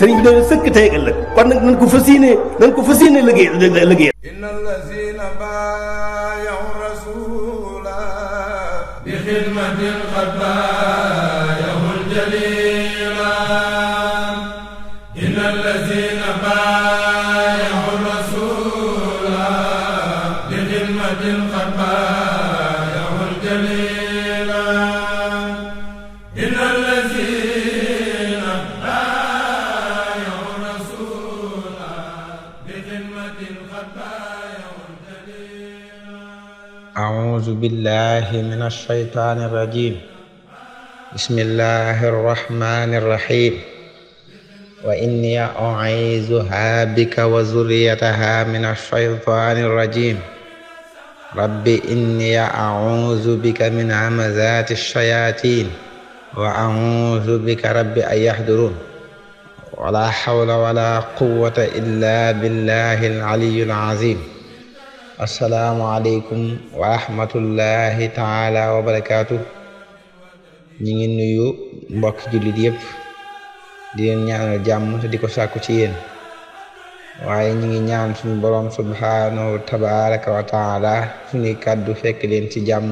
sëriñ bi dañu sëkk tey ëllëg kon nag nañ ko fas yéene nañ ko fas yéene liggéey liggéey inna allazina baayahu rasula bi xidmatin qad baayahul jalila inna allazina أعوذ بالله من الشيطان الرجيم بسم الله الرحمن الرحيم وإني أعيذها بك وذريتها من الشيطان الرجيم رب إني أعوذ بك من همزات الشياطين وأعوذ بك رب أن يحضرون wala xawla wala quwwata illa billahi alaliyu alazim assalaamu aleykum wa rahmatullahi taala wa barakaatu ñi ngi nuyu mbokki jullit yëpp di leen ñaanal jàmm te di ko sàkku ci yéen waaye ñi ngi ñaan suñu boroom subhaanahu tabaraka wa taala suñuy kàddu fekk leen ci jàmm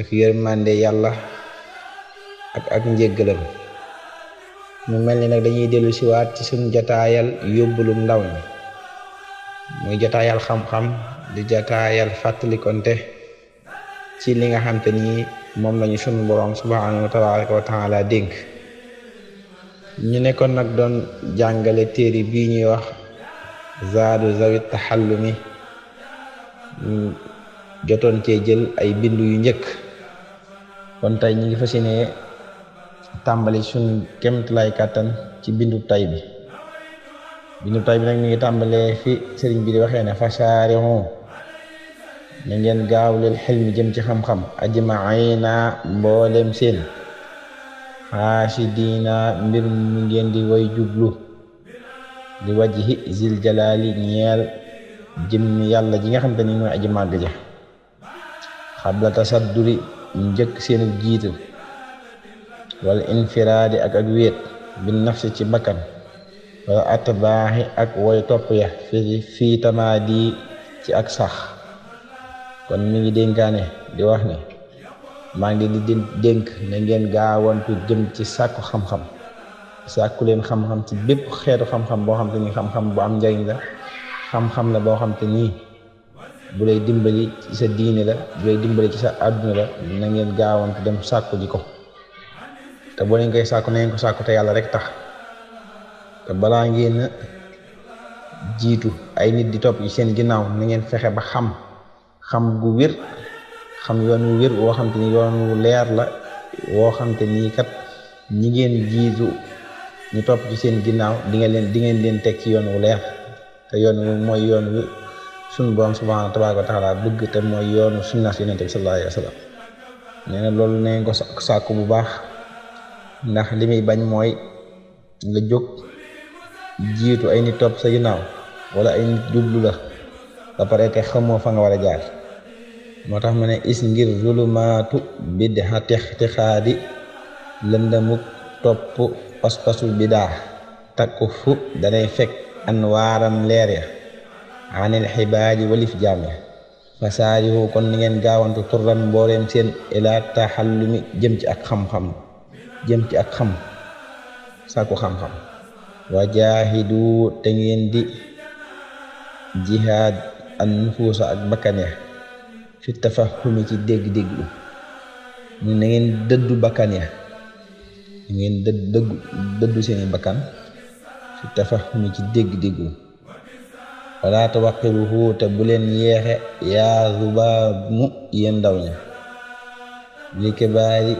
ak yërmande yàlla ak ak njéggalam mu mel ni nag dañuy dellusiwaat siwaat ci suñ jataayal yóbbulum ndaw ñi muy jataayal xam-xam di jataayal fàttalikonte ci li nga xam te ni moom lañu sunu boroom subhanahu wa tabaraka dénk ñu nekkoon nag doon jàngale téere bi ñuy wax zaadu zawit taxallumi jotoon cee jël ay bindu yu njëkk kon ñu ngi tàmbali suñu kemtalaay kàttan ci bindu tay bi bindu tay bi nag mi ngi tàmbalee fi sëriñ bi di waxee ne fasaarixu na ngeen gaaw leel xel mi jëm ci xam-xam ajmaina mboolem seen xaasidiina mbir mu ngeen di way jublu di wajhi zil jalaali ñeel yàlla ji nga xam te ni mooy aji màgg xabla tasadduri njëkk seenu jiital wal infiraadi ak ak wéet bi si ci bakkan wala atbaaxi ak woy topp ya fi fii tamaadi ci ak sax kon mi ngi dénkaane di wax ne maa ngi di dénk na ngeen gaawantu jëm ci sàkku xam-xam sàkku leen xam-xam ci bépp xeetu xam-xam boo xam te ni xam-xam bu am njariñ la xam-xam boo xam te nii bu lay dimbali ci sa diine la bu lay dimbali ci sa àdduna la na ngeen gaawantu dem sàkku ji ko te boo leen koy sàkku na ngeen ko sàkku te yàlla rek tax te balaa ngeen jiitu ay nit di topp ci seen ginnaaw na ngeen fexe ba xam xam gu wér xam yoon wu wér woo xam te ni yoon wu leer la woo xam nii kat ñi ngeen jiitu ñu topp ci seen ginnaaw di nga leen di ngeen leen teg ci yoon wu leer te yoon wu mooy yoon wu sunu borom subhaana tabaaraka wa taala bëgg te mooy yoonu sunna si yonente bi sallallahu alayhi na loolu na ngeen ko sàkku bu baax ndax li muy bañ mooy nga jóg jiitu ay nit topp sa ginnaaw wala ay nit jublu la ba pare te xamoo fa nga war a jaar moo tax mu ne is ngir zulumaatu bid'a ixtiqaadi lëndamuk topp pas-pasu bidaa takku fu danay fekk an waaram leer ya anil xibaaji walif jaam ya fasaarihu kon ni ngeen gaawantu turran mbooreem seen ilaa taxallumi jëm ci ak xam-xam jëm ci ak xam sàkku xam-xam wajaahidu te ngeen di jihaad an nufuusa ak bakkaneex fi tafahumi ci dégg-dégg mu na ngeen dëddu bakkaneex na ngeen dëdd dëggu dëddu seeni bakkan fi tafahumi ci dégg-dégg wala tawaqiruhu te bu leen yeexe yaa zubaamu yéen ndaw ña li kibaari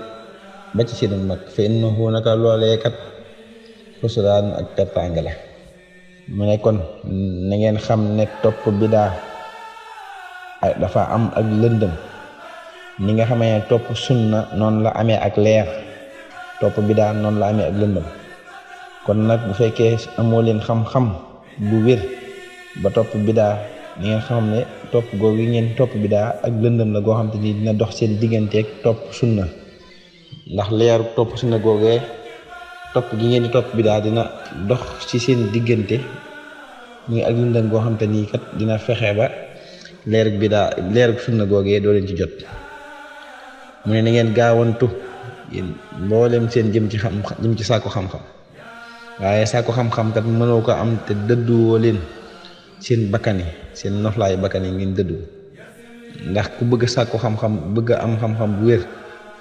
ba ci seenug mag fa na naka loolee kat xusraan ak pertaange mu ne kon na ngeen xam ne topp bidaa dafa am ak lëndëm ni nga xamee ne topp sunna noonu la amee ak leer topp bidaa noonu la amee ak lëndëm kon nag bu fekkee amoo leen xam-xam bu wér ba topp bidaa ni nga xam ne topp googu yi ngeen topp bidaa ak lëndëm la goo xam te ni dina dox seen digganteeg topp sunna ndax leeru topp sunna googee topp gi ngeen di topp bi daal dina dox ci seen diggante muy ak lëndëm goo xam te dina fexe ba leerug bi daa leerug sunna googee doo leen ci jot mu ne na ngeen gaawantu yéen mboolem seen jëm ci xam jëm ci sàkku xam waaye sàkku xam-xam kat mënoo ko am te dëdduwoo leen seen bakkan seen noflaayu bakkan yi ngeen dëddu ndax ku bëgg sàkku xam-xam bëgg am xam-xam bu wér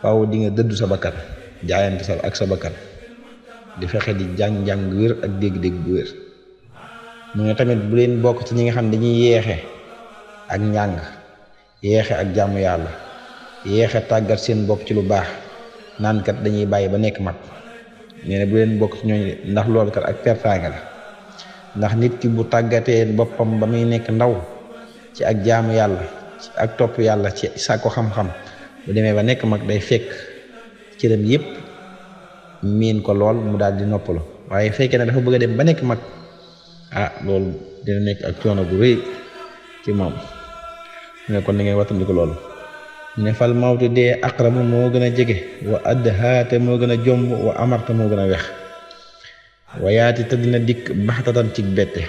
waaw di nga dëddu sa bakkan jaayante sa ak sa bakkan di fexe di jàng-jàng wér ak dégg-dégg bu wér ñu ne tamit bu leen bokk ci ñi nga xam dañuy yeexe ak njàng yeexe ak jaamu yàlla yeexe tàggat seen bopp ci lu baax naankat dañuy bàyyi ba nekk mag nee na bu leen bokk ci ñooñu ndax loolu ak pertaanga la ndax nit ki bu tàggatee boppam ba muy nekk ndaw ci ak jaamu yàlla ci ak topp yàlla ci sàkku xam-xam bu demee ba nekk mag day fekk cëram yépp miin ko lool mu daal di noppalu waaye fekkee ne dafa bëgg a dem ba nekk mag ah loolu dina nekk ak coono gu rëy ci moom mu ne kon na wattandiku loolu mu ne fal mawtu dee aqrabu moo gën a jege wa adhaate moo gën a jomb wa amarta moo gën a wex wayaati te dina dikk baxtatan ci bette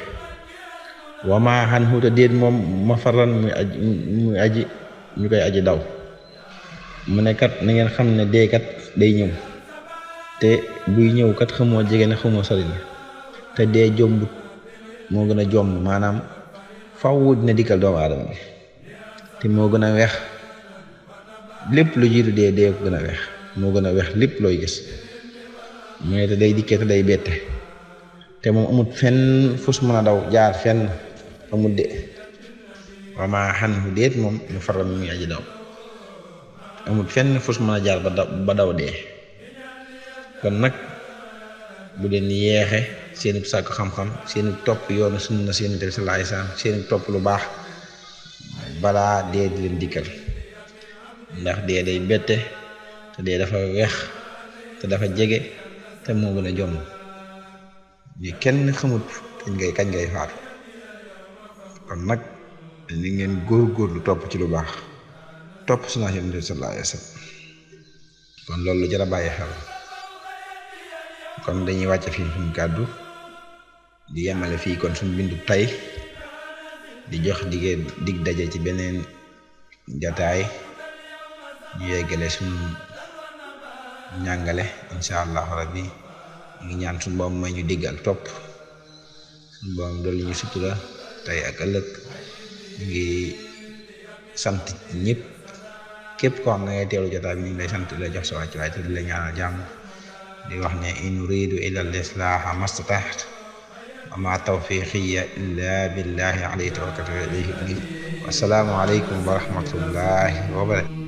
wa maa xuuta déet moom ma faran muy aji muy aji ñu koy aji daw mu ne kat na ngeen xam ne dee kat day ñëw te buy ñëw kat xamoo jege ne xamoo sori na te dee jombut moo gën a jomb maanaam faww dina dikkal doomu aadama bi te moo gën a weex lépp lu jiitu dee dee gën a weex moo gën a weex lépp looy gis mu ne te day dikkee te day bette te moom amut fen fus mën a daw jaar fenn amut de waaw maa xam déet moom mu faral mi ngi aji daw amul fenn fus mën a jaar ba daw ba daw dee kon nag bu leen yeexe seeni sàkk xam-xam seeni topp yoon sunna seeni tamit sallallahu alayhi wasallam seeni topp lu baax balaa dee di leen dikkal ndax dee day bette te dee dafa weex te dafa jege te moo gën a jomm ñu kenn xamut kañ ngay kañ ngay faatu kon nag ni ngeen góor góor góorlu topp ci lu baax topp sunna yonent bi sallallahu alayhi wa kon loolu lu jar bàyyi xel kon dañuy wàcc fii suñu kàddu di yemale fii kon suñu bindu tay di jox digée daje ci beneen jataay ñu yeggale suñu njàngale insha allahu rabbi ngi ñaan suñu boom may ñu diggal topp suñu boom doolu ñu sutura tey ak ëllëg ngi sant ñëpp képp ko am na ngay teewlu jotaay bi ñu ngi lay sant di la jox sa wàccuwaay te di la ñaanal jàmm di wax ne in uridu illa al islaaha mastataxt wa ma tawfiqiya illa billahi alayhi tawakkaltu wa ilayhi unib wassalaamu aleykum wa rahmatullahi wa barakatuh